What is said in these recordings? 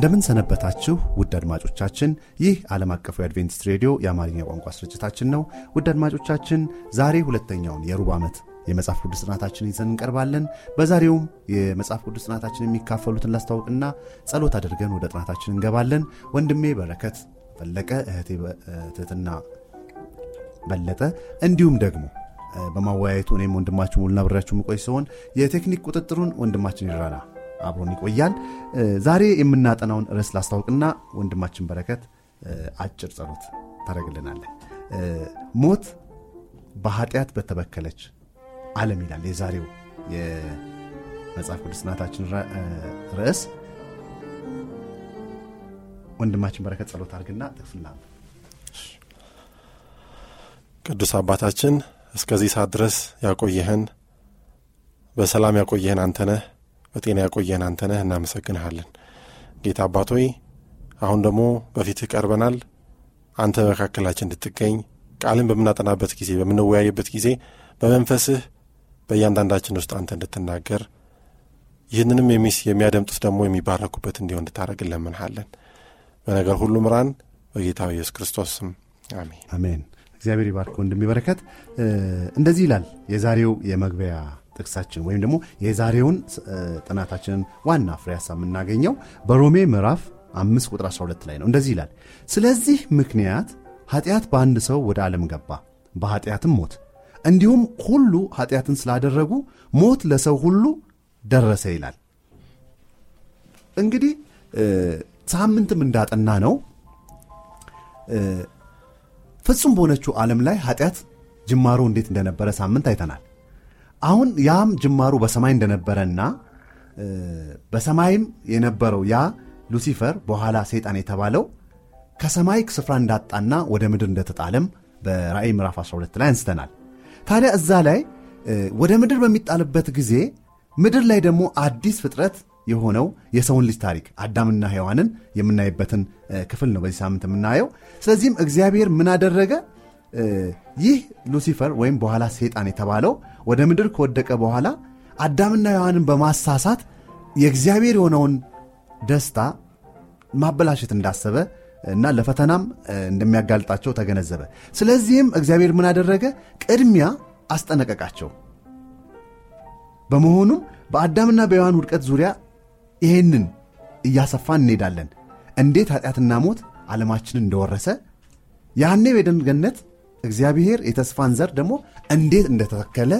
እንደምን ሰነበታችሁ ውድ አድማጮቻችን። ይህ ዓለም አቀፉ የአድቬንቲስት ሬዲዮ የአማርኛ ቋንቋ ስርጭታችን ነው። ውድ አድማጮቻችን፣ ዛሬ ሁለተኛውን የሩብ ዓመት የመጽሐፍ ቅዱስ ጥናታችን ይዘን እንቀርባለን። በዛሬውም የመጽሐፍ ቅዱስ ጥናታችን የሚካፈሉትን ላስታወቅና ጸሎት አድርገን ወደ ጥናታችን እንገባለን። ወንድሜ በረከት በለቀ እህቴ ትትና በለጠ እንዲሁም ደግሞ በማወያየቱ እኔም ወንድማችሁ ሙሉና ብሬያችሁ ምቆይ ሲሆን የቴክኒክ ቁጥጥሩን ወንድማችን ይራራ አብሮን ይቆያል። ዛሬ የምናጠናውን ርዕስ ላስታውቅና ወንድማችን በረከት አጭር ጸሎት ታደረግልናለን። ሞት በኃጢአት በተበከለች ዓለም ይላል የዛሬው የመጽሐፍ ቅዱስ ጥናታችን ርዕስ። ወንድማችን በረከት ጸሎት አድርግና ጥቅስና ቅዱስ አባታችን እስከዚህ ሰዓት ድረስ ያቆየህን በሰላም ያቆየህን አንተነህ በጤና ያቆየን አንተነህ እናመሰግንሃለን። ጌታ አባቶይ አሁን ደግሞ በፊትህ ቀርበናል። አንተ መካከላችን እንድትገኝ ቃልን በምናጠናበት ጊዜ በምንወያይበት ጊዜ በመንፈስህ በእያንዳንዳችን ውስጥ አንተ እንድትናገር ይህንንም የሚስ የሚያደምጡት ደግሞ የሚባረኩበት እንዲሆን እንድታደረግ እንለምንሃለን። በነገር ሁሉ ምራን፣ በጌታ ኢየሱስ ክርስቶስ ስም አሜን አሜን። እግዚአብሔር ይባርክ ወንድሜ እንደዚህ ይላል የዛሬው የመግቢያ ጥቅሳችን ወይም ደግሞ የዛሬውን ጥናታችንን ዋና ፍሬ ሀሳብ የምናገኘው በሮሜ ምዕራፍ 5 ቁጥር 12 ላይ ነው። እንደዚህ ይላል፣ ስለዚህ ምክንያት ኃጢአት በአንድ ሰው ወደ ዓለም ገባ፣ በኃጢአትም ሞት፣ እንዲሁም ሁሉ ኃጢአትን ስላደረጉ ሞት ለሰው ሁሉ ደረሰ ይላል። እንግዲህ ሳምንትም እንዳጠና ነው ፍጹም በሆነችው ዓለም ላይ ኃጢአት ጅማሮ እንዴት እንደነበረ ሳምንት አይተናል። አሁን ያም ጅማሩ በሰማይ እንደነበረና በሰማይም የነበረው ያ ሉሲፈር በኋላ ሰይጣን የተባለው ከሰማይ ስፍራ እንዳጣና ወደ ምድር እንደተጣለም በራእይ ምዕራፍ 12 ላይ አንስተናል። ታዲያ እዛ ላይ ወደ ምድር በሚጣልበት ጊዜ ምድር ላይ ደግሞ አዲስ ፍጥረት የሆነው የሰውን ልጅ ታሪክ አዳምና ሔዋንን የምናይበትን ክፍል ነው በዚህ ሳምንት የምናየው። ስለዚህም እግዚአብሔር ምን አደረገ? ይህ ሉሲፈር ወይም በኋላ ሰይጣን የተባለው ወደ ምድር ከወደቀ በኋላ አዳምና ሔዋንን በማሳሳት የእግዚአብሔር የሆነውን ደስታ ማበላሸት እንዳሰበ እና ለፈተናም እንደሚያጋልጣቸው ተገነዘበ። ስለዚህም እግዚአብሔር ምን አደረገ? ቅድሚያ አስጠነቀቃቸው። በመሆኑም በአዳምና በዮሐን ውድቀት ዙሪያ ይህንን እያሰፋን እንሄዳለን። እንዴት ኃጢአትና ሞት ዓለማችንን እንደወረሰ ያኔ በኤደን ገነት እግዚአብሔር የተስፋን ዘር ደግሞ እንዴት እንደተተከለ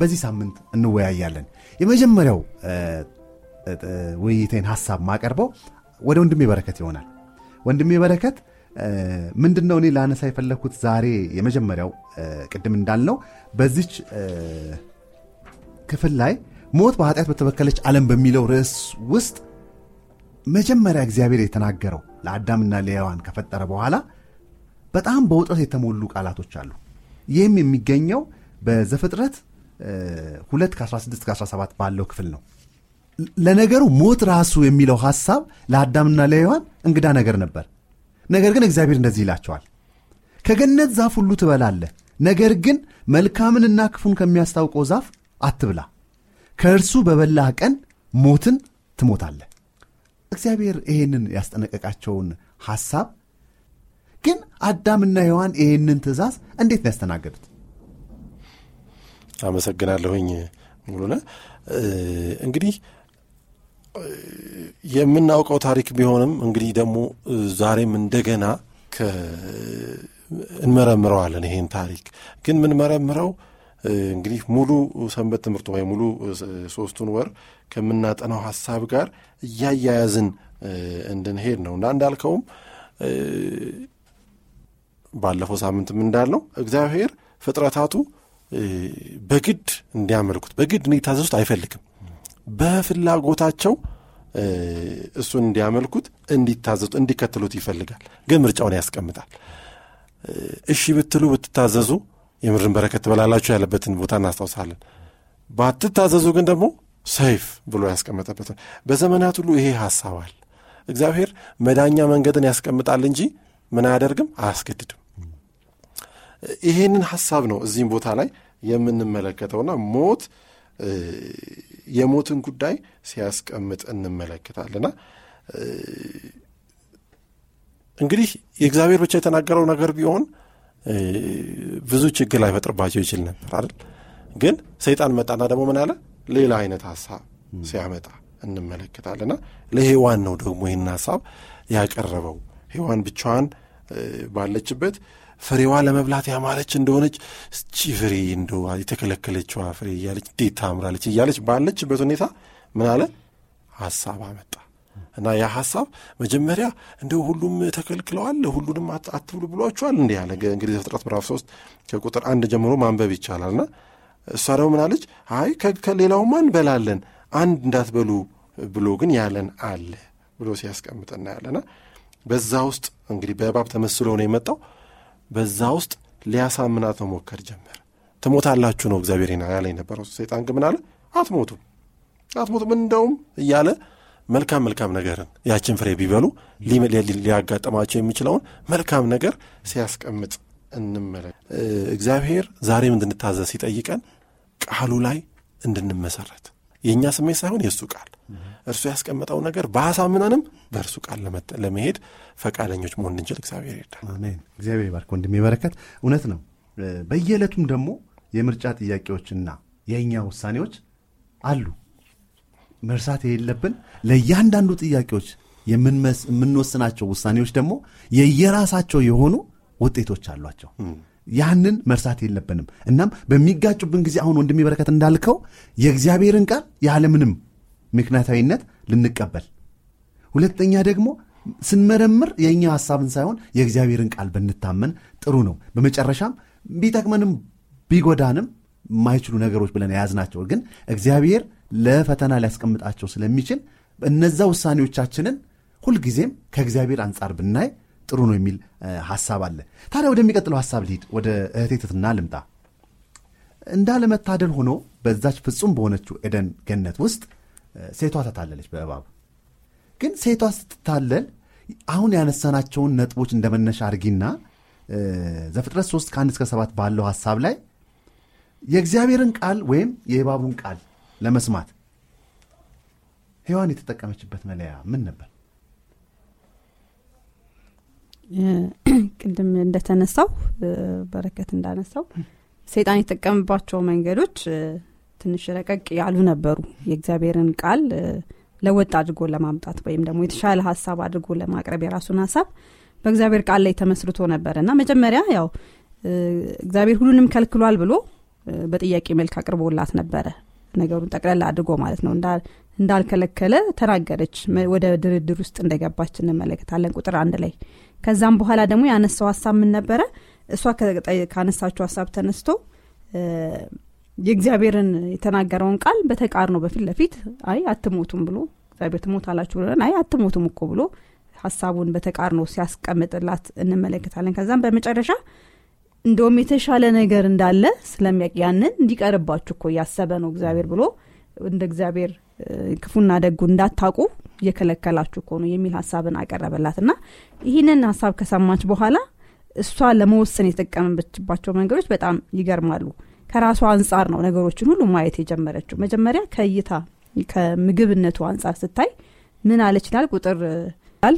በዚህ ሳምንት እንወያያለን። የመጀመሪያው ውይይቴን ሀሳብ ማቀርበው ወደ ወንድሜ በረከት ይሆናል። ወንድሜ በረከት ምንድን ነው እኔ ላነሳ የፈለግኩት ዛሬ የመጀመሪያው ቅድም እንዳልነው በዚች ክፍል ላይ ሞት በኃጢአት በተበከለች ዓለም በሚለው ርዕስ ውስጥ መጀመሪያ እግዚአብሔር የተናገረው ለአዳምና ለሔዋን ከፈጠረ በኋላ በጣም በውጥረት የተሞሉ ቃላቶች አሉ። ይህም የሚገኘው በዘፍጥረት ሁለት ከ16 17 ባለው ክፍል ነው። ለነገሩ ሞት ራሱ የሚለው ሐሳብ ለአዳምና ለሔዋን እንግዳ ነገር ነበር። ነገር ግን እግዚአብሔር እንደዚህ ይላቸዋል፣ ከገነት ዛፍ ሁሉ ትበላለህ፣ ነገር ግን መልካምንና ክፉን ከሚያስታውቀው ዛፍ አትብላ፣ ከእርሱ በበላህ ቀን ሞትን ትሞታለህ። እግዚአብሔር ይህንን ያስጠነቀቃቸውን ሐሳብ ግን አዳምና ሔዋን ይህንን ትእዛዝ እንዴት ነው ያስተናገዱት? አመሰግናለሁኝ ሙሉነ። እንግዲህ የምናውቀው ታሪክ ቢሆንም እንግዲህ ደግሞ ዛሬም እንደገና እንመረምረዋለን። ይሄን ታሪክ ግን ምንመረምረው እንግዲህ ሙሉ ሰንበት ትምህርቱ ወይ ሙሉ ሶስቱን ወር ከምናጠናው ሀሳብ ጋር እያያያዝን እንድንሄድ ነው እና እንዳልከውም ባለፈው ሳምንትም እንዳለው እግዚአብሔር ፍጥረታቱ በግድ እንዲያመልኩት በግድ እንዲታዘዙት አይፈልግም። በፍላጎታቸው እሱን እንዲያመልኩት፣ እንዲታዘዙት፣ እንዲከተሉት ይፈልጋል። ግን ምርጫውን ያስቀምጣል። እሺ ብትሉ ብትታዘዙ የምድርን በረከት ትበላላችሁ ያለበትን ቦታ እናስታውሳለን። ባትታዘዙ ግን ደግሞ ሰይፍ ብሎ ያስቀመጠበት በዘመናት ሁሉ ይሄ ሀሳብ አለ። እግዚአብሔር መዳኛ መንገድን ያስቀምጣል እንጂ ምን አያደርግም፣ አያስገድድም። ይሄንን ሀሳብ ነው እዚህም ቦታ ላይ የምንመለከተውና ሞት የሞትን ጉዳይ ሲያስቀምጥ እንመለከታልና እንግዲህ የእግዚአብሔር ብቻ የተናገረው ነገር ቢሆን ብዙ ችግር ላይፈጥርባቸው ይችል ነበር አይደል ግን ሰይጣን መጣና ደግሞ ምን አለ ሌላ አይነት ሀሳብ ሲያመጣ እንመለከታልና ለሔዋን ነው ደግሞ ይህን ሀሳብ ያቀረበው ሔዋን ብቻዋን ባለችበት ፍሬዋ ለመብላት ያማረች እንደሆነች እስቺ ፍሬ እንደ የተከለከለችዋ ፍሬ እያለች እንዴት ታምራለች እያለች ባለችበት ሁኔታ ምን አለ ሀሳብ አመጣ እና ያ ሀሳብ መጀመሪያ እንደ ሁሉም ተከልክለዋል፣ ሁሉንም አትብሉ ብሏቸዋል እንዲህ ያለ እንግዲህ ዘፍጥረት ምዕራፍ ሶስት ከቁጥር አንድ ጀምሮ ማንበብ ይቻላል። ና እሷ ደግሞ ምናለች? አይ ከሌላውማ እንበላለን አንድ እንዳትበሉ ብሎ ግን ያለን አለ ብሎ ሲያስቀምጥ እናያለና በዛ ውስጥ እንግዲህ በእባብ ተመስሎ ነው የመጣው። በዛ ውስጥ ሊያሳምናት መሞከር ጀመረ። ትሞታላችሁ ነው እግዚአብሔር ያለ የነበረው። ሰይጣን ግን ምን አለ? አትሞቱም፣ አትሞቱም እንደውም እያለ መልካም መልካም ነገርን ያችን ፍሬ ቢበሉ ሊያጋጥማቸው የሚችለውን መልካም ነገር ሲያስቀምጥ እንመለከት። እግዚአብሔር ዛሬም እንድንታዘዝ ሲጠይቀን ቃሉ ላይ እንድንመሰረት የእኛ ስሜት ሳይሆን የእሱ ቃል እርሱ ያስቀመጠው ነገር በአሳምነንም በእርሱ ቃል ለመሄድ ፈቃደኞች መሆን እንችል እግዚአብሔር ይርዳል። እግዚአብሔር ባርክ ወንድም የበረከት እውነት ነው። በየዕለቱም ደግሞ የምርጫ ጥያቄዎችና የእኛ ውሳኔዎች አሉ። መርሳት የሌለብን ለእያንዳንዱ ጥያቄዎች የምንወስናቸው ውሳኔዎች ደግሞ የየራሳቸው የሆኑ ውጤቶች አሏቸው። ያንን መርሳት የለብንም። እናም በሚጋጩብን ጊዜ አሁን ወንድሜ በረከት እንዳልከው የእግዚአብሔርን ቃል ያለምንም ምክንያታዊነት ልንቀበል፣ ሁለተኛ ደግሞ ስንመረምር የእኛ ሐሳብን ሳይሆን የእግዚአብሔርን ቃል ብንታመን ጥሩ ነው። በመጨረሻም ቢጠቅመንም ቢጎዳንም የማይችሉ ነገሮች ብለን የያዝናቸው ግን እግዚአብሔር ለፈተና ሊያስቀምጣቸው ስለሚችል እነዛ ውሳኔዎቻችንን ሁልጊዜም ከእግዚአብሔር አንጻር ብናይ ጥሩ ነው የሚል ሐሳብ አለ። ታዲያ ወደሚቀጥለው ሐሳብ ልሂድ። ወደ እህቴ ትሕትና ልምጣ። እንዳለመታደል ሆኖ በዛች ፍጹም በሆነችው ኤደን ገነት ውስጥ ሴቷ ተታለለች በእባቡ ግን ሴቷ ስትታለል አሁን ያነሳናቸውን ነጥቦች እንደመነሻ አርጊና ዘፍጥረት 3 ከአንድ እስከ ሰባት ባለው ሀሳብ ላይ የእግዚአብሔርን ቃል ወይም የእባቡን ቃል ለመስማት ሔዋን የተጠቀመችበት መለያ ምን ነበር? ቅድም እንደተነሳው በረከት እንዳነሳው ሰይጣን የተጠቀምባቸው መንገዶች ትንሽ ረቀቅ ያሉ ነበሩ። የእግዚአብሔርን ቃል ለወጥ አድርጎ ለማምጣት ወይም ደግሞ የተሻለ ሀሳብ አድርጎ ለማቅረብ የራሱን ሀሳብ በእግዚአብሔር ቃል ላይ ተመስርቶ ነበር እና መጀመሪያ ያው እግዚአብሔር ሁሉንም ከልክሏል ብሎ በጥያቄ መልክ አቅርቦላት ነበረ። ነገሩን ጠቅለል አድርጎ ማለት ነው እንዳልከለከለ ተናገረች። ወደ ድርድር ውስጥ እንደገባች እንመለከታለን ቁጥር አንድ ላይ። ከዛም በኋላ ደግሞ ያነሳው ሀሳብ ምን ነበረ? እሷ ካነሳችው ሀሳብ ተነስቶ የእግዚአብሔርን የተናገረውን ቃል በተቃርኖ በፊት ለፊት አይ አትሞቱም ብሎ እግዚአብሔር ትሞት አላችሁ ብለን አይ አትሞቱም እኮ ብሎ ሀሳቡን በተቃርኖ ሲያስቀምጥላት እንመለከታለን ከዛም በመጨረሻ እንደውም የተሻለ ነገር እንዳለ ስለሚያቅ ያንን እንዲቀርባችሁ እኮ እያሰበ ነው እግዚአብሔር ብሎ እንደ እግዚአብሔር ክፉና ደጉ እንዳታቁ እየከለከላችሁ እኮ ነው የሚል ሀሳብን አቀረበላት እና ይህንን ሀሳብ ከሰማች በኋላ እሷ ለመወሰን የተጠቀመችባቸው መንገዶች በጣም ይገርማሉ ከራሷ አንጻር ነው ነገሮችን ሁሉ ማየት የጀመረችው። መጀመሪያ ከእይታ ከምግብነቱ አንጻር ስታይ ምን አለች ይላል ቁጥር ል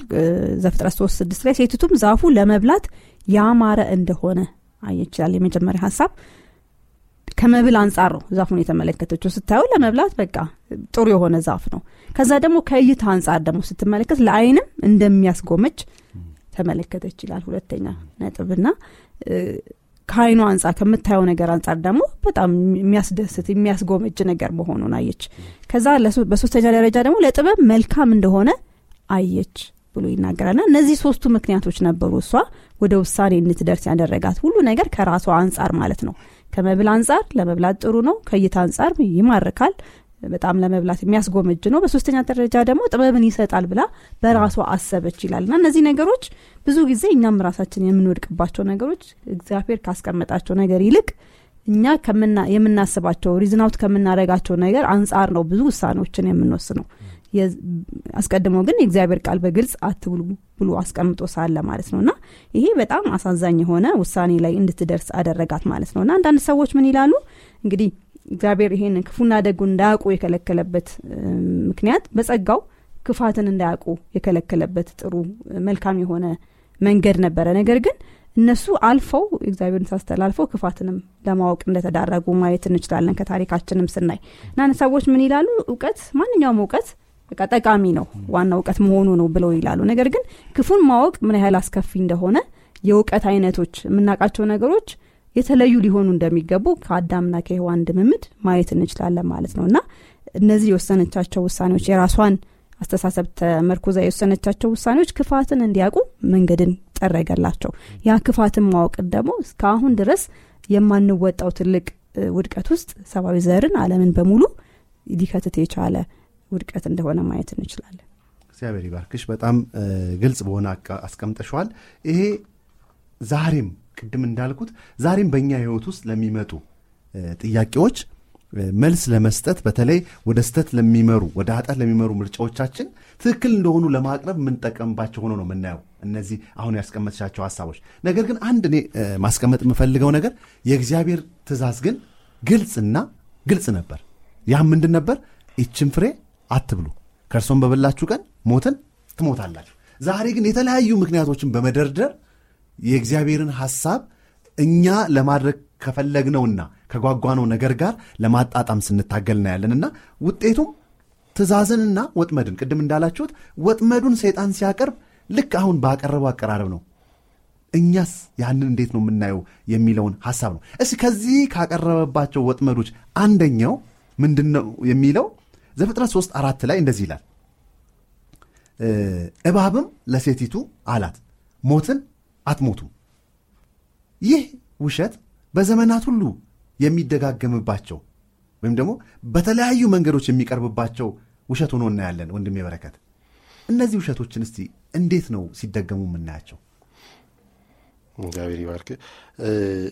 ዘፍጥረት ሶስት ስድስት ላይ ሴቲቱም ዛፉ ለመብላት ያማረ እንደሆነ አየች ይላል የመጀመሪያ ሀሳብ ከመብል አንጻር ነው ዛፉን የተመለከተችው። ስታየው ለመብላት በቃ ጥሩ የሆነ ዛፍ ነው። ከዛ ደግሞ ከእይታ አንጻር ደግሞ ስትመለከት ለአይንም እንደሚያስጎመች ተመለከተች ይላል ሁለተኛ ነጥብና ከአይኑ አንጻር ከምታየው ነገር አንጻር ደግሞ በጣም የሚያስደስት የሚያስጎመጅ ነገር መሆኑን አየች። ከዛ በሶስተኛ ደረጃ ደግሞ ለጥበብ መልካም እንደሆነ አየች ብሎ ይናገራልና እነዚህ ሶስቱ ምክንያቶች ነበሩ እሷ ወደ ውሳኔ እንትደርስ ያደረጋት ሁሉ ነገር ከራሷ አንጻር ማለት ነው። ከመብል አንጻር ለመብላት ጥሩ ነው፣ ከእይታ አንጻር ይማርካል፣ በጣም ለመብላት የሚያስጎመጅ ነው በሶስተኛ ደረጃ ደግሞ ጥበብን ይሰጣል ብላ በራሷ አሰበች ይላል እና እነዚህ ነገሮች ብዙ ጊዜ እኛም ራሳችን የምንወድቅባቸው ነገሮች እግዚአብሔር ካስቀመጣቸው ነገር ይልቅ እኛ የምናስባቸው ሪዝናውት ከምናደረጋቸው ነገር አንጻር ነው ብዙ ውሳኔዎችን የምንወስነው አስቀድሞ ግን የእግዚአብሔር ቃል በግልጽ አትብሉ ብሎ አስቀምጦ ሳለ ማለት ነው እና ይሄ በጣም አሳዛኝ የሆነ ውሳኔ ላይ እንድትደርስ አደረጋት ማለት ነው እና አንዳንድ ሰዎች ምን ይላሉ እንግዲህ እግዚአብሔር ይሄንን ክፉና ደጉ እንዳያውቁ የከለከለበት ምክንያት በጸጋው ክፋትን እንዳያውቁ የከለከለበት ጥሩ መልካም የሆነ መንገድ ነበረ። ነገር ግን እነሱ አልፈው እግዚአብሔርን ሳስተላልፈው ክፋትንም ለማወቅ እንደተዳረጉ ማየት እንችላለን። ከታሪካችንም ስናይ እና ሰዎች ምን ይላሉ? እውቀት ማንኛውም እውቀት በቃ ጠቃሚ ነው፣ ዋና እውቀት መሆኑ ነው ብለው ይላሉ። ነገር ግን ክፉን ማወቅ ምን ያህል አስከፊ እንደሆነ የእውቀት አይነቶች የምናውቃቸው ነገሮች የተለዩ ሊሆኑ እንደሚገቡ ከአዳምና ከሔዋን ድምምድ ማየት እንችላለን ማለት ነው እና እነዚህ የወሰነቻቸው ውሳኔዎች የራሷን አስተሳሰብ ተመርኮዛ የወሰነቻቸው ውሳኔዎች ክፋትን እንዲያውቁ መንገድን ጠረገላቸው። ያ ክፋትን ማወቅን ደግሞ እስካሁን ድረስ የማንወጣው ትልቅ ውድቀት ውስጥ ሰብአዊ ዘርን አለምን በሙሉ ሊከትት የቻለ ውድቀት እንደሆነ ማየት እንችላለን። እግዚአብሔር ይባርክሽ። በጣም ግልጽ በሆነ አስቀምጠሸዋል። ይሄ ዛሬም ቅድም እንዳልኩት ዛሬም በእኛ ህይወት ውስጥ ለሚመጡ ጥያቄዎች መልስ ለመስጠት በተለይ ወደ ስተት ለሚመሩ ወደ ኃጢአት ለሚመሩ ምርጫዎቻችን ትክክል እንደሆኑ ለማቅረብ የምንጠቀምባቸው ሆኖ ነው የምናየው እነዚህ አሁን ያስቀመጥሻቸው ሀሳቦች። ነገር ግን አንድ እኔ ማስቀመጥ የምፈልገው ነገር የእግዚአብሔር ትእዛዝ ግን ግልጽና ግልጽ ነበር። ያም ምንድን ነበር? ይችን ፍሬ አትብሉ፣ ከእርሶም በበላችሁ ቀን ሞትን ትሞታላችሁ። ዛሬ ግን የተለያዩ ምክንያቶችን በመደርደር የእግዚአብሔርን ሐሳብ እኛ ለማድረግ ከፈለግነውና ከጓጓነው ነገር ጋር ለማጣጣም ስንታገል እናያለንና ውጤቱም ትእዛዝንና ወጥመድን ቅድም እንዳላችሁት ወጥመዱን ሰይጣን ሲያቀርብ ልክ አሁን ባቀረበው አቀራረብ ነው። እኛስ ያንን እንዴት ነው የምናየው የሚለውን ሐሳብ ነው። እስ ከዚህ ካቀረበባቸው ወጥመዶች አንደኛው ምንድን ነው የሚለው ዘፍጥረት 3 አራት ላይ እንደዚህ ይላል። እባብም ለሴቲቱ አላት ሞትን አትሞቱም። ይህ ውሸት በዘመናት ሁሉ የሚደጋገምባቸው ወይም ደግሞ በተለያዩ መንገዶች የሚቀርብባቸው ውሸት ሆኖ እናያለን። ወንድሜ በረከት፣ እነዚህ ውሸቶችን እስቲ እንዴት ነው ሲደገሙ የምናያቸው? እግዚአብሔር ይባርክ።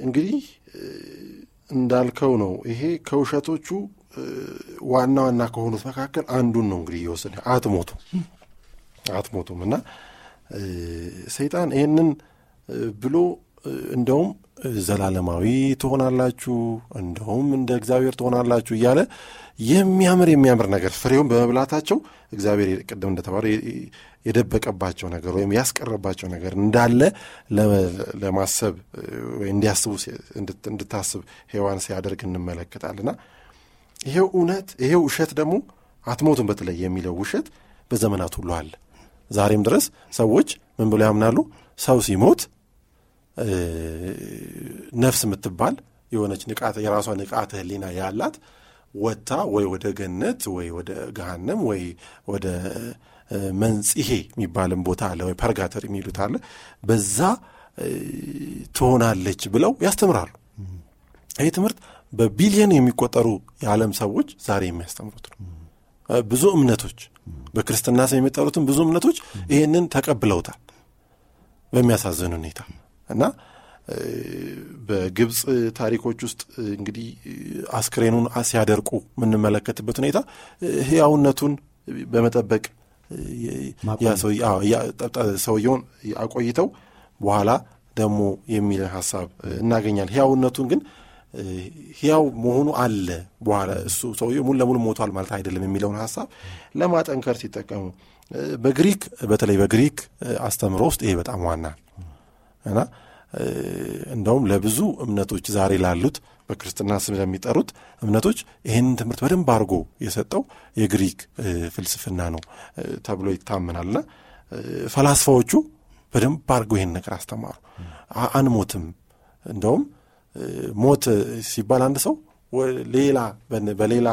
እንግዲህ እንዳልከው ነው። ይሄ ከውሸቶቹ ዋና ዋና ከሆኑት መካከል አንዱን ነው እንግዲህ እየወሰደ አትሞቱም፣ አትሞቱም እና ሰይጣን ይህንን ብሎ እንደውም ዘላለማዊ ትሆናላችሁ፣ እንደውም እንደ እግዚአብሔር ትሆናላችሁ እያለ የሚያምር የሚያምር ነገር ፍሬውን በመብላታቸው እግዚአብሔር ቅድም እንደተባለው የደበቀባቸው ነገር ወይም ያስቀረባቸው ነገር እንዳለ ለማሰብ ወይ እንዲያስቡ እንድታስብ ሔዋን ሲያደርግ እንመለከታልና ይሄው እውነት ይሄው ውሸት ደግሞ አትሞቱን በተለይ የሚለው ውሸት በዘመናት ሁሉ አለ። ዛሬም ድረስ ሰዎች ምን ብለው ያምናሉ? ሰው ሲሞት ነፍስ የምትባል የሆነች ንቃት የራሷ ንቃተ ህሊና ያላት ወጥታ ወይ ወደ ገነት ወይ ወደ ገሃነም ወይ ወደ መንጽሄ የሚባልም ቦታ አለ ወይ ፐርጋተር የሚሉት አለ በዛ ትሆናለች ብለው ያስተምራሉ። ይህ ትምህርት በቢሊየን የሚቆጠሩ የዓለም ሰዎች ዛሬ የሚያስተምሩት ነው። ብዙ እምነቶች በክርስትና ስም የሚጠሩትን ብዙ እምነቶች ይህንን ተቀብለውታል። በሚያሳዝን ሁኔታ እና በግብፅ ታሪኮች ውስጥ እንግዲህ አስክሬኑን ሲያደርቁ የምንመለከትበት ሁኔታ ህያውነቱን በመጠበቅ ሰውየውን አቆይተው በኋላ ደግሞ የሚል ሀሳብ እናገኛል ህያውነቱን ግን ህያው መሆኑ አለ በኋላ እሱ ሰውየ ሙሉ ለሙሉ ሞቷል ማለት አይደለም የሚለውን ሀሳብ ለማጠንከር ሲጠቀሙ በግሪክ በተለይ በግሪክ አስተምሮ ውስጥ ይሄ በጣም ዋና እና እንደውም ለብዙ እምነቶች ዛሬ ላሉት በክርስትና ስም ለሚጠሩት እምነቶች ይህንን ትምህርት በደንብ አድርጎ የሰጠው የግሪክ ፍልስፍና ነው ተብሎ ይታመናልና ፈላስፋዎቹ በደንብ አርጎ ይህን ነገር አስተማሩ። አንሞትም፣ እንደውም ሞት ሲባል አንድ ሰው ሌላ በሌላ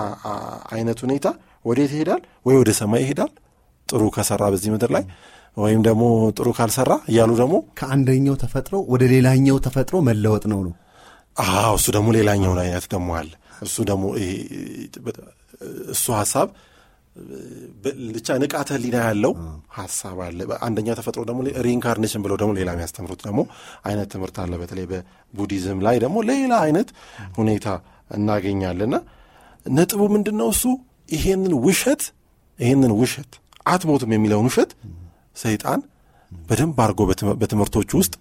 አይነት ሁኔታ ወዴት ይሄዳል? ወይ ወደ ሰማይ ይሄዳል ጥሩ ከሰራ በዚህ ምድር ላይ ወይም ደግሞ ጥሩ ካልሰራ እያሉ ደግሞ ከአንደኛው ተፈጥሮ ወደ ሌላኛው ተፈጥሮ መለወጥ ነው ነው። አዎ እሱ ደግሞ ሌላኛው አይነት ደግሞ አለ። እሱ ደግሞ እሱ ሀሳብ ብቻ ንቃተ ሊና ያለው ሀሳብ አለ። አንደኛ ተፈጥሮ ደግሞ ሪኢንካርኔሽን ብለው ደግሞ ሌላ የሚያስተምሩት ደግሞ አይነት ትምህርት አለ። በተለይ በቡዲዝም ላይ ደግሞ ሌላ አይነት ሁኔታ እናገኛለና ነጥቡ ምንድን ነው? እሱ ይሄንን ውሸት ይሄንን ውሸት አትሞትም የሚለውን ውሸት ሰይጣን በደንብ አድርጎ በትምህርቶች ውስጥ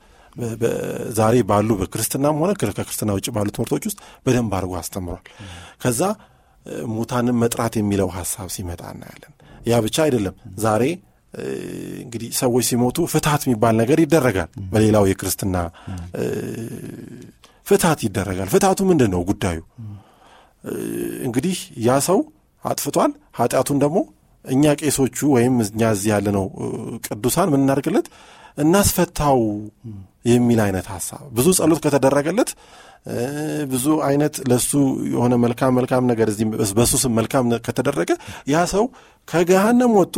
ዛሬ ባሉ በክርስትናም ሆነ ከክርስትና ውጭ ባሉ ትምህርቶች ውስጥ በደንብ አድርጎ አስተምሯል። ከዛ ሙታንን መጥራት የሚለው ሀሳብ ሲመጣ እናያለን። ያ ብቻ አይደለም። ዛሬ እንግዲህ ሰዎች ሲሞቱ ፍትሀት የሚባል ነገር ይደረጋል። በሌላው የክርስትና ፍትሀት ይደረጋል። ፍትሀቱ ምንድን ነው ጉዳዩ? እንግዲህ ያ ሰው አጥፍቷል። ኃጢአቱን ደግሞ እኛ ቄሶቹ ወይም እኛ እዚህ ያለ ነው ቅዱሳን ምናደርግለት እናስፈታው የሚል አይነት ሀሳብ ብዙ ጸሎት ከተደረገለት ብዙ አይነት ለሱ የሆነ መልካም መልካም ነገር እዚህ በሱ ስም መልካም ከተደረገ ያ ሰው ከገሃነም ወጥቶ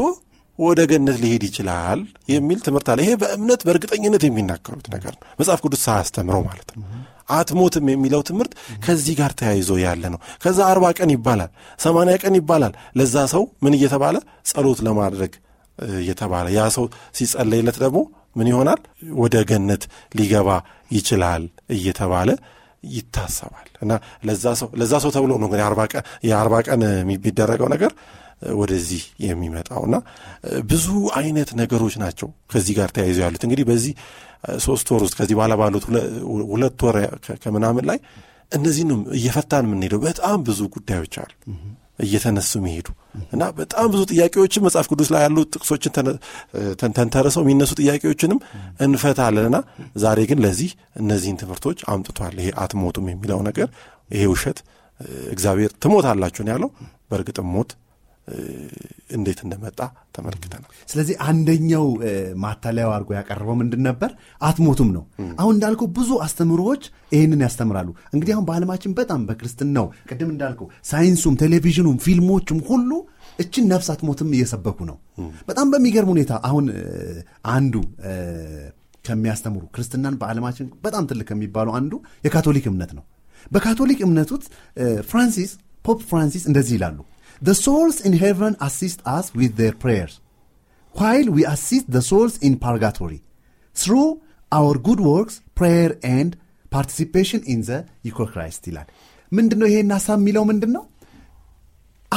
ወደ ገነት ሊሄድ ይችላል የሚል ትምህርት አለ። ይሄ በእምነት በእርግጠኝነት የሚናገሩት ነገር ነው፣ መጽሐፍ ቅዱስ ሳያስተምረው ማለት ነው። አትሞትም የሚለው ትምህርት ከዚህ ጋር ተያይዞ ያለ ነው። ከዛ አርባ ቀን ይባላል፣ ሰማንያ ቀን ይባላል። ለዛ ሰው ምን እየተባለ ጸሎት ለማድረግ እየተባለ ያ ሰው ሲጸለይለት ደግሞ ምን ይሆናል? ወደ ገነት ሊገባ ይችላል እየተባለ ይታሰባል እና ለዛ ሰው ተብሎ ነው እንግዲህ የአርባ ቀን የሚደረገው ነገር ወደዚህ የሚመጣውና ብዙ አይነት ነገሮች ናቸው ከዚህ ጋር ተያይዘው ያሉት። እንግዲህ በዚህ ሶስት ወር ውስጥ ከዚህ በኋላ ባሉት ሁለት ወር ከምናምን ላይ እነዚህንም እየፈታን የምንሄደው በጣም ብዙ ጉዳዮች አሉ እየተነሱ የሚሄዱ እና በጣም ብዙ ጥያቄዎችን መጽሐፍ ቅዱስ ላይ ያሉ ጥቅሶችን ተንተርሰው የሚነሱ ጥያቄዎችንም እንፈታለንና ዛሬ ግን ለዚህ እነዚህን ትምህርቶች አምጥቷል። ይሄ አትሞቱም የሚለው ነገር ይሄ ውሸት እግዚአብሔር አላችሁን ያለው በእርግጥም ሞት እንዴት እንደመጣ ተመልክተናል። ስለዚህ አንደኛው ማታለያው አድርጎ ያቀረበው ምንድን ነበር? አትሞቱም ነው። አሁን እንዳልከው ብዙ አስተምሮዎች ይህንን ያስተምራሉ። እንግዲህ አሁን በዓለማችን በጣም በክርስትናው ቅድም እንዳልከው ሳይንሱም፣ ቴሌቪዥኑም፣ ፊልሞቹም ሁሉ እችን ነፍስ አትሞትም እየሰበኩ ነው። በጣም በሚገርም ሁኔታ አሁን አንዱ ከሚያስተምሩ ክርስትናን በዓለማችን በጣም ትልቅ ከሚባሉ አንዱ የካቶሊክ እምነት ነው። በካቶሊክ እምነት ውስጥ ፍራንሲስ ፖፕ ፍራንሲስ እንደዚህ ይላሉ The souls in heaven assist us with their prayers, while we assist the souls in purgatory through our good works, prayer and participation in the ኢኮክራይስት ይላል። ምንድን ነው ይሄን ሀሳብ የሚለው ምንድን ነው?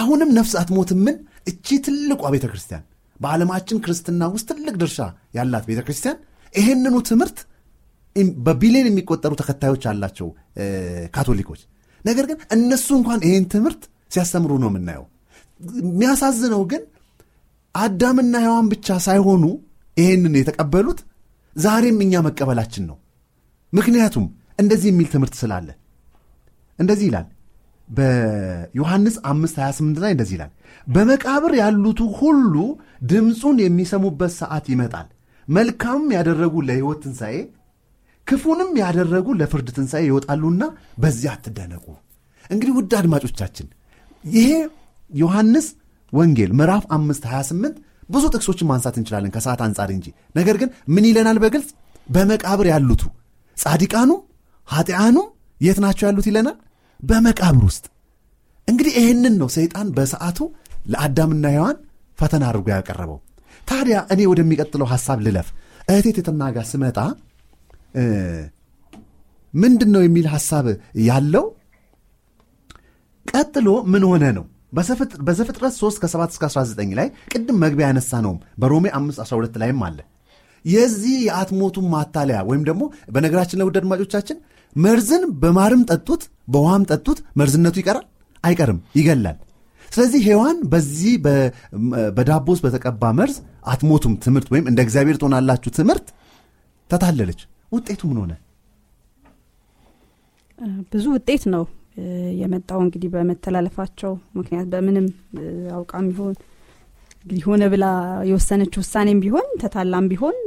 አሁንም ነፍስ አትሞት ምን እቺ ትልቋ ቤተ ክርስቲያን በዓለማችን ክርስትና ውስጥ ትልቅ ድርሻ ያላት ቤተ ክርስቲያን ይሄንኑ ትምህርት በቢሊዮን የሚቆጠሩ ተከታዮች ያላቸው ካቶሊኮች፣ ነገር ግን እነሱ እንኳን ይሄን ትምህርት ሲያስተምሩ ነው የምናየው። የሚያሳዝነው ግን አዳምና ሔዋን ብቻ ሳይሆኑ ይህንን የተቀበሉት ዛሬም እኛ መቀበላችን ነው። ምክንያቱም እንደዚህ የሚል ትምህርት ስላለ እንደዚህ ይላል በዮሐንስ 5 28 ላይ እንደዚህ ይላል፣ በመቃብር ያሉቱ ሁሉ ድምፁን የሚሰሙበት ሰዓት ይመጣል። መልካምም ያደረጉ ለሕይወት ትንሣኤ፣ ክፉንም ያደረጉ ለፍርድ ትንሣኤ ይወጣሉና በዚያ አትደነቁ። እንግዲህ ውድ አድማጮቻችን ይሄ ዮሐንስ ወንጌል ምዕራፍ 5 28 ብዙ ጥቅሶችን ማንሳት እንችላለን ከሰዓት አንጻር እንጂ። ነገር ግን ምን ይለናል በግልጽ በመቃብር ያሉቱ ጻዲቃኑ ኃጢአኑ የት ናቸው ያሉት ይለናል፣ በመቃብር ውስጥ። እንግዲህ ይህንን ነው ሰይጣን በሰዓቱ ለአዳምና ሔዋን ፈተና አድርጎ ያቀረበው። ታዲያ እኔ ወደሚቀጥለው ሐሳብ ልለፍ። እህቴት የተናጋ ስመጣ ምንድን ነው የሚል ሐሳብ ያለው ቀጥሎ ምን ሆነ ነው በዘፍጥረት 3 ከ7 እስከ 19 ላይ ቅድም መግቢያ ያነሳ ነውም በሮሜ 5 12 ላይም አለ የዚህ የአትሞቱ ማታለያ ወይም ደግሞ በነገራችን ለውድ አድማጮቻችን መርዝን በማርም ጠጡት በውሃም ጠጡት መርዝነቱ ይቀራል አይቀርም ይገላል ስለዚህ ሔዋን በዚህ በዳቦ በተቀባ መርዝ አትሞቱም ትምህርት ወይም እንደ እግዚአብሔር ትሆናላችሁ ትምህርት ተታለለች ውጤቱ ምን ሆነ ብዙ ውጤት ነው የመጣው እንግዲህ በመተላለፋቸው ምክንያት በምንም አውቃም ቢሆን ሊሆነ ብላ የወሰነች ውሳኔም ቢሆን ተታላም ቢሆን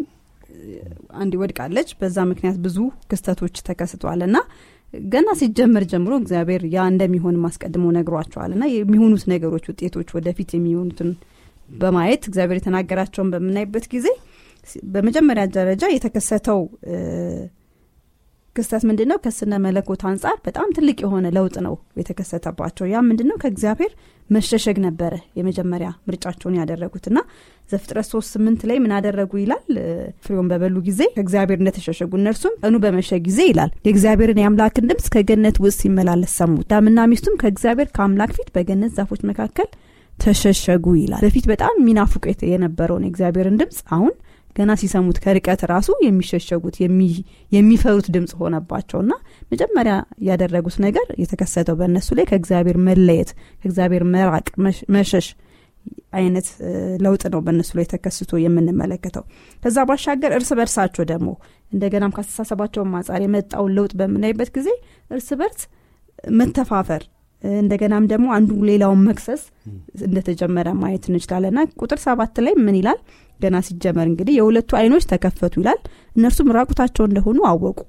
አንድ ወድቃለች። በዛ ምክንያት ብዙ ክስተቶች ተከስቷል ና ገና ሲጀመር ጀምሮ እግዚአብሔር ያ እንደሚሆን ማስቀድሞ ነግሯቸዋል ና የሚሆኑት ነገሮች ውጤቶች ወደፊት የሚሆኑትን በማየት እግዚአብሔር የተናገራቸውን በምናይበት ጊዜ በመጀመሪያ ደረጃ የተከሰተው ክስተት ምንድን ነው? ከስነ መለኮት አንጻር በጣም ትልቅ የሆነ ለውጥ ነው የተከሰተባቸው። ያ ምንድን ነው? ከእግዚአብሔር መሸሸግ ነበረ የመጀመሪያ ምርጫቸውን ያደረጉት እና ዘፍጥረት ሶስት ስምንት ላይ ምን አደረጉ ይላል። ፍሬውን በበሉ ጊዜ ከእግዚአብሔር እንደተሸሸጉ እነርሱም ቀኑ በመሸ ጊዜ ይላል የእግዚአብሔርን የአምላክን ድምፅ ከገነት ውስጥ ሲመላለስ ሰሙ። ዳምና ሚስቱም ከእግዚአብሔር ከአምላክ ፊት በገነት ዛፎች መካከል ተሸሸጉ ይላል። በፊት በጣም ሚናፉቅ የነበረውን የእግዚአብሔርን ድምፅ አሁን ገና ሲሰሙት ከርቀት ራሱ የሚሸሸጉት የሚፈሩት ድምፅ እና መጀመሪያ ያደረጉት ነገር የተከሰተው በእነሱ ላይ ከእግዚአብሔር መለየት ከእግዚአብሔር መራቅ መሸሽ አይነት ለውጥ ነው በእነሱ ላይ ተከስቶ የምንመለከተው ከዛ ባሻገር እርስ በርሳቸው ደግሞ እንደገናም ካስተሳሰባቸውን ማጻር የመጣውን ለውጥ በምናይበት ጊዜ እርስ በርስ መተፋፈር እንደገናም ደግሞ አንዱ ሌላውን መክሰስ እንደተጀመረ ማየት እንችላለንና ቁጥር ሰባት ላይ ምን ይላል ገና ሲጀመር እንግዲህ የሁለቱ አይኖች ተከፈቱ ይላል እነርሱም ራቁታቸው እንደሆኑ አወቁ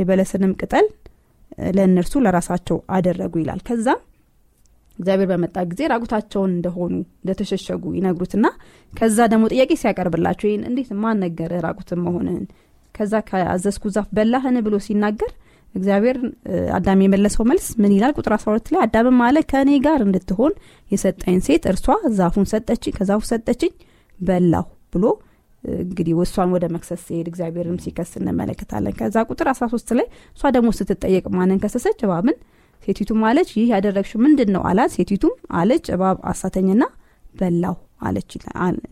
የበለስንም ቅጠል ለእነርሱ ለራሳቸው አደረጉ ይላል ከዛም እግዚአብሔር በመጣ ጊዜ ራቁታቸውን እንደሆኑ እንደተሸሸጉ ይነግሩትና ከዛ ደግሞ ጥያቄ ሲያቀርብላቸው ይህን እንዴት ማን ነገረ ራቁትን መሆንህን ከዛ ከአዘዝኩ ዛፍ በላህን ብሎ ሲናገር እግዚአብሔር አዳም የመለሰው መልስ ምን ይላል? ቁጥር 12 ላይ አዳምም አለ ከእኔ ጋር እንድትሆን የሰጠኝ ሴት እርሷ ዛፉን ሰጠችኝ፣ ከዛፉ ሰጠችኝ በላሁ ብሎ እንግዲህ እሷን ወደ መክሰስ ሲሄድ እግዚአብሔርም ሲከስ እንመለከታለን። ከዛ ቁጥር 13 ላይ እሷ ደግሞ ስትጠየቅ ማንን ከሰሰች? እባብን። ሴቲቱም አለች ይህ ያደረግሽ ምንድን ነው አላት። ሴቲቱም አለች እባብ አሳተኝና በላሁ አለች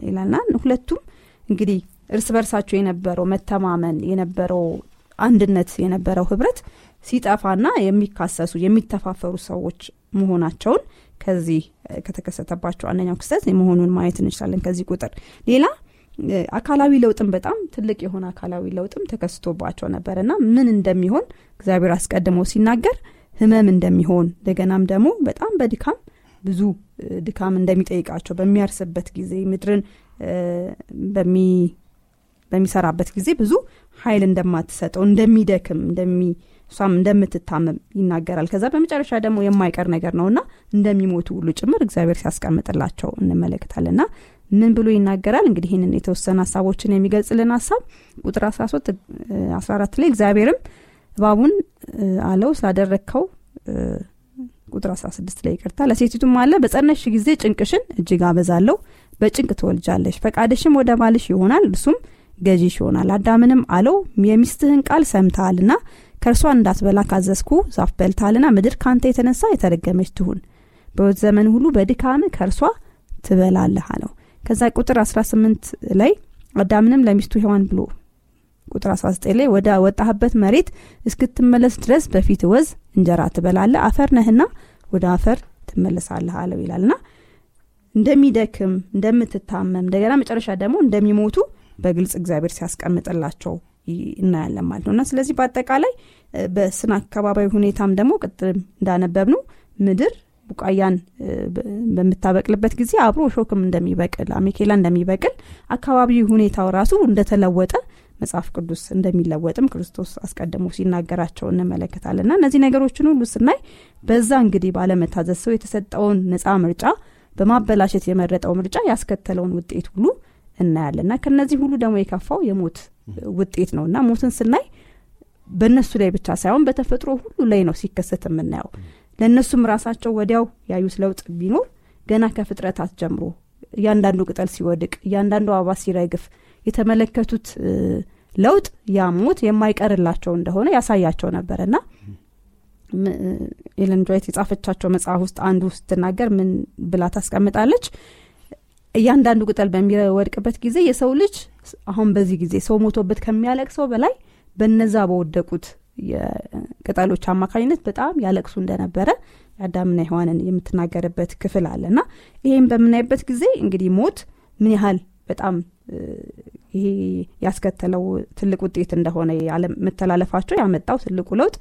ይላልና ሁለቱም እንግዲህ እርስ በርሳቸው የነበረው መተማመን የነበረው አንድነት የነበረው ህብረት ሲጠፋና የሚካሰሱ የሚተፋፈሩ ሰዎች መሆናቸውን ከዚህ ከተከሰተባቸው አንደኛው ክስተት መሆኑን ማየት እንችላለን ከዚህ ቁጥር ሌላ አካላዊ ለውጥም በጣም ትልቅ የሆነ አካላዊ ለውጥም ተከስቶባቸው ነበር እና ምን እንደሚሆን እግዚአብሔር አስቀድሞ ሲናገር ህመም እንደሚሆን እንደገናም ደግሞ በጣም በድካም ብዙ ድካም እንደሚጠይቃቸው በሚያርስበት ጊዜ ምድርን በሚሰራበት ጊዜ ብዙ ኃይል እንደማትሰጠው እንደሚደክም እንደሚ እሷም እንደምትታመም ይናገራል። ከዛ በመጨረሻ ደግሞ የማይቀር ነገር ነውና እንደሚሞቱ ሁሉ ጭምር እግዚአብሔር ሲያስቀምጥላቸው እንመለከታልና ምን ብሎ ይናገራል? እንግዲህ ይህንን የተወሰነ ሀሳቦችን የሚገልጽልን ሀሳብ ቁጥር 13 14 ላይ እግዚአብሔርም እባቡን አለው ስላደረግከው ቁጥር 16 ላይ ይቅርታ፣ ለሴቲቱም አለ በጸነሽ ጊዜ ጭንቅሽን እጅግ አበዛለሁ፣ በጭንቅ ትወልጃለሽ፣ ፈቃድሽም ወደ ባልሽ ይሆናል፣ እሱም። ገዢሽ ይሆናል። አዳምንም አለው የሚስትህን ቃል ሰምተሃልና ከእርሷ እንዳትበላ ካዘዝኩ ዛፍ በልታልና ምድር ካንተ የተነሳ የተረገመች ትሁን፣ በወት ዘመን ሁሉ በድካም ከእርሷ ትበላለህ አለው። ከዛ ቁጥር 18 ላይ አዳምንም ለሚስቱ ሔዋን ብሎ ቁጥር 19 ላይ ወደ ወጣህበት መሬት እስክትመለስ ድረስ በፊት ወዝ እንጀራ ትበላለህ፣ አፈር ነህና ወደ አፈር ትመለሳለህ አለው ይላልና እንደሚደክም እንደምትታመም እንደገና መጨረሻ ደግሞ እንደሚሞቱ በግልጽ እግዚአብሔር ሲያስቀምጥላቸው እናያለን ማለት ነው እና ስለዚህ በአጠቃላይ በስነ አካባቢ ሁኔታም ደግሞ ቅጥም እንዳነበብ ነው ምድር ቡቃያን በምታበቅልበት ጊዜ አብሮ እሾክም እንደሚበቅል አሜኬላ እንደሚበቅል አካባቢ ሁኔታው ራሱ እንደተለወጠ መጽሐፍ ቅዱስ እንደሚለወጥም ክርስቶስ አስቀድሞ ሲናገራቸው እንመለከታለን እና እነዚህ ነገሮችን ሁሉ ስናይ በዛ እንግዲህ ባለመታዘዝ ሰው የተሰጠውን ነፃ ምርጫ በማበላሸት የመረጠው ምርጫ ያስከተለውን ውጤት ሁሉ እናያለን እና ከነዚህ ሁሉ ደግሞ የከፋው የሞት ውጤት ነው እና ሞትን ስናይ በእነሱ ላይ ብቻ ሳይሆን በተፈጥሮ ሁሉ ላይ ነው ሲከሰት የምናየው ለእነሱም ራሳቸው ወዲያው ያዩት ለውጥ ቢኖር ገና ከፍጥረታት ጀምሮ እያንዳንዱ ቅጠል ሲወድቅ እያንዳንዱ አበባ ሲረግፍ የተመለከቱት ለውጥ ያ ሞት የማይቀርላቸው እንደሆነ ያሳያቸው ነበር እና ኤለን ጆይት የጻፈቻቸው መጽሐፍ ውስጥ አንዱ ስትናገር ምን ብላ ታስቀምጣለች እያንዳንዱ ቅጠል በሚወድቅበት ጊዜ የሰው ልጅ አሁን በዚህ ጊዜ ሰው ሞቶበት ከሚያለቅሰው በላይ በነዛ በወደቁት የቅጠሎች አማካኝነት በጣም ያለቅሱ እንደነበረ የአዳምና ሔዋንን የምትናገርበት ክፍል አለና ይሄም በምናይበት ጊዜ እንግዲህ ሞት ምን ያህል በጣም ይሄ ያስከተለው ትልቅ ውጤት እንደሆነ መተላለፋቸው ያመጣው ትልቁ ለውጥ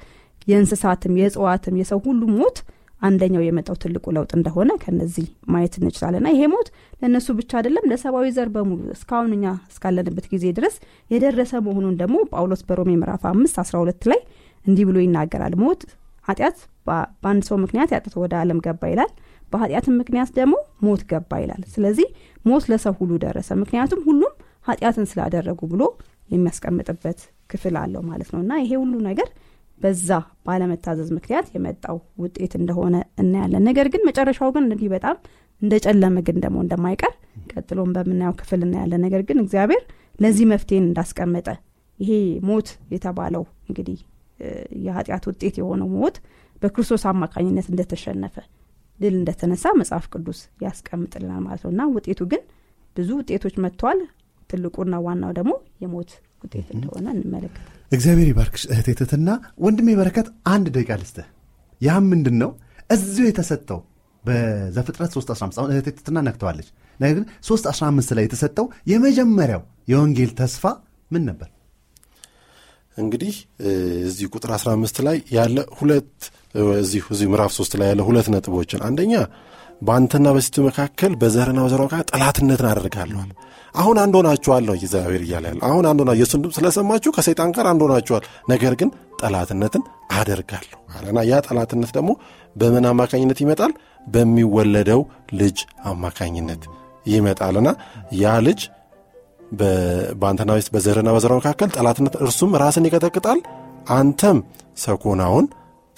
የእንስሳትም የእጽዋትም የሰው ሁሉ ሞት አንደኛው የመጣው ትልቁ ለውጥ እንደሆነ ከነዚህ ማየት እንችላለንና ይሄ ሞት ለእነሱ ብቻ አይደለም ለሰብአዊ ዘር በሙሉ እስካሁን እኛ እስካለንበት ጊዜ ድረስ የደረሰ መሆኑን ደግሞ ጳውሎስ በሮሜ ምዕራፍ አምስት አስራ ሁለት ላይ እንዲህ ብሎ ይናገራል ሞት ኃጢአት በአንድ ሰው ምክንያት ኃጢአት ወደ አለም ገባ ይላል በኃጢአትም ምክንያት ደግሞ ሞት ገባ ይላል ስለዚህ ሞት ለሰው ሁሉ ደረሰ ምክንያቱም ሁሉም ኃጢአትን ስላደረጉ ብሎ የሚያስቀምጥበት ክፍል አለው ማለት ነው እና ይሄ ሁሉ ነገር በዛ ባለመታዘዝ ምክንያት የመጣው ውጤት እንደሆነ እናያለን። ነገር ግን መጨረሻው ግን እንዲህ በጣም ጨለመ ግን ደግሞ እንደማይቀር ቀጥሎም በምናየው ክፍል እናያለን። ነገር ግን እግዚአብሔር ለዚህ መፍትሄን እንዳስቀመጠ ይሄ ሞት የተባለው እንግዲህ የኃጢአት ውጤት የሆነው ሞት በክርስቶስ አማካኝነት እንደተሸነፈ ድል እንደተነሳ መጽሐፍ ቅዱስ ያስቀምጥልናል ማለት ነው እና ውጤቱ ግን ብዙ ውጤቶች መጥተዋል። ትልቁና ዋናው ደግሞ የሞት ውጤት እንደሆነ እንመለከታል። እግዚአብሔር ይባርክሽ እህቴ ትትና ወንድሜ በረከት አንድ ደቂቃ ልስጥህ። ያ ምንድን ነው እዚሁ የተሰጠው በዘፍጥረት 315 አሁን እህቴ ትትና ነክተዋለች። ነገር ግን 315 ላይ የተሰጠው የመጀመሪያው የወንጌል ተስፋ ምን ነበር? እንግዲህ እዚህ ቁጥር 15 ላይ ያለ ሁለት እዚሁ ምዕራፍ 3 ላይ ያለ ሁለት ነጥቦችን አንደኛ በአንተና በሴቱ መካከል በዘርና በዘሯ መካከል ጠላትነትን አደርጋለዋል። አሁን አንድ ሆናችኋል ነው እግዚአብሔር እያለ ያለ። አሁን አንድ ሆና የእሱን ድምፅ ስለሰማችሁ ከሰይጣን ጋር አንድ ሆናችኋል፣ ነገር ግን ጠላትነትን አደርጋለሁ አለና ያ ጠላትነት ደግሞ በምን አማካኝነት ይመጣል? በሚወለደው ልጅ አማካኝነት ይመጣልና ያ ልጅ በአንተና ስ በዘርና በዘሯ መካከል ጠላትነት፣ እርሱም ራስን ይቀጠቅጣል፣ አንተም ሰኮናውን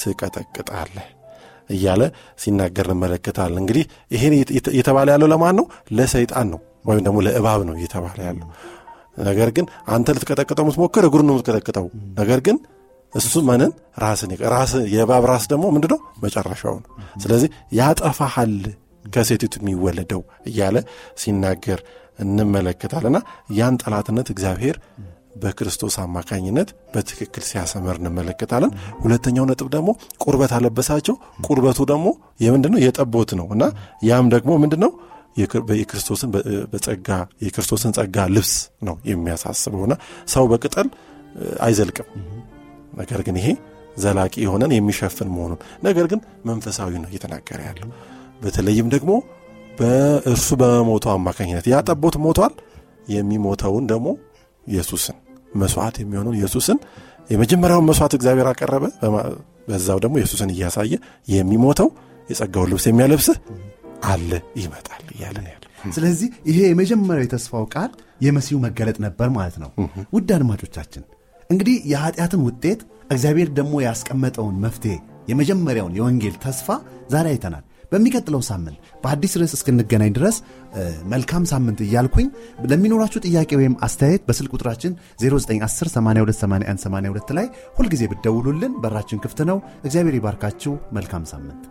ትቀጠቅጣለህ። እያለ ሲናገር እንመለከታለን። እንግዲህ ይሄን እየተባለ ያለው ለማን ነው? ለሰይጣን ነው ወይም ደግሞ ለእባብ ነው እየተባለ ያለው። ነገር ግን አንተ ልትቀጠቅጠው ምትሞክር እግሩ ነው የምትቀጠቅጠው። ነገር ግን እሱ መንን ራስን የእባብ ራስ ደግሞ ነው መጨረሻው ነው። ስለዚህ ያጠፋሃል ከሴቲቱ የሚወለደው እያለ ሲናገር እንመለከታልና ያን ጠላትነት እግዚአብሔር በክርስቶስ አማካኝነት በትክክል ሲያሰመር እንመለከታለን። ሁለተኛው ነጥብ ደግሞ ቁርበት አለበሳቸው። ቁርበቱ ደግሞ የምንድን ነው? የጠቦት ነው እና ያም ደግሞ ምንድን ነው የክርስቶስን በጸጋ የክርስቶስን ጸጋ ልብስ ነው የሚያሳስበው ና ሰው በቅጠል አይዘልቅም። ነገር ግን ይሄ ዘላቂ የሆነን የሚሸፍን መሆኑን ነገር ግን መንፈሳዊ ነው እየተናገረ ያለው በተለይም ደግሞ በእርሱ በመሞቱ አማካኝነት ያጠቦት ጠቦት ሞቷል። የሚሞተውን ደግሞ ኢየሱስን መስዋዕት የሚሆነውን ኢየሱስን የመጀመሪያውን መስዋዕት እግዚአብሔር አቀረበ። በዛው ደግሞ ኢየሱስን እያሳየ የሚሞተው የጸጋውን ልብስ የሚያለብስህ አለ ይመጣል እያለ ያለ። ስለዚህ ይሄ የመጀመሪያው የተስፋው ቃል የመሲሁ መገለጥ ነበር ማለት ነው። ውድ አድማጮቻችን እንግዲህ የኃጢአትን ውጤት እግዚአብሔር ደግሞ ያስቀመጠውን መፍትሄ የመጀመሪያውን የወንጌል ተስፋ ዛሬ አይተናል። በሚቀጥለው ሳምንት በአዲስ ርዕስ እስክንገናኝ ድረስ መልካም ሳምንት እያልኩኝ ለሚኖራችሁ ጥያቄ ወይም አስተያየት በስልክ ቁጥራችን 0910828182 ላይ ሁልጊዜ ብደውሉልን በራችን ክፍት ነው። እግዚአብሔር ይባርካችሁ። መልካም ሳምንት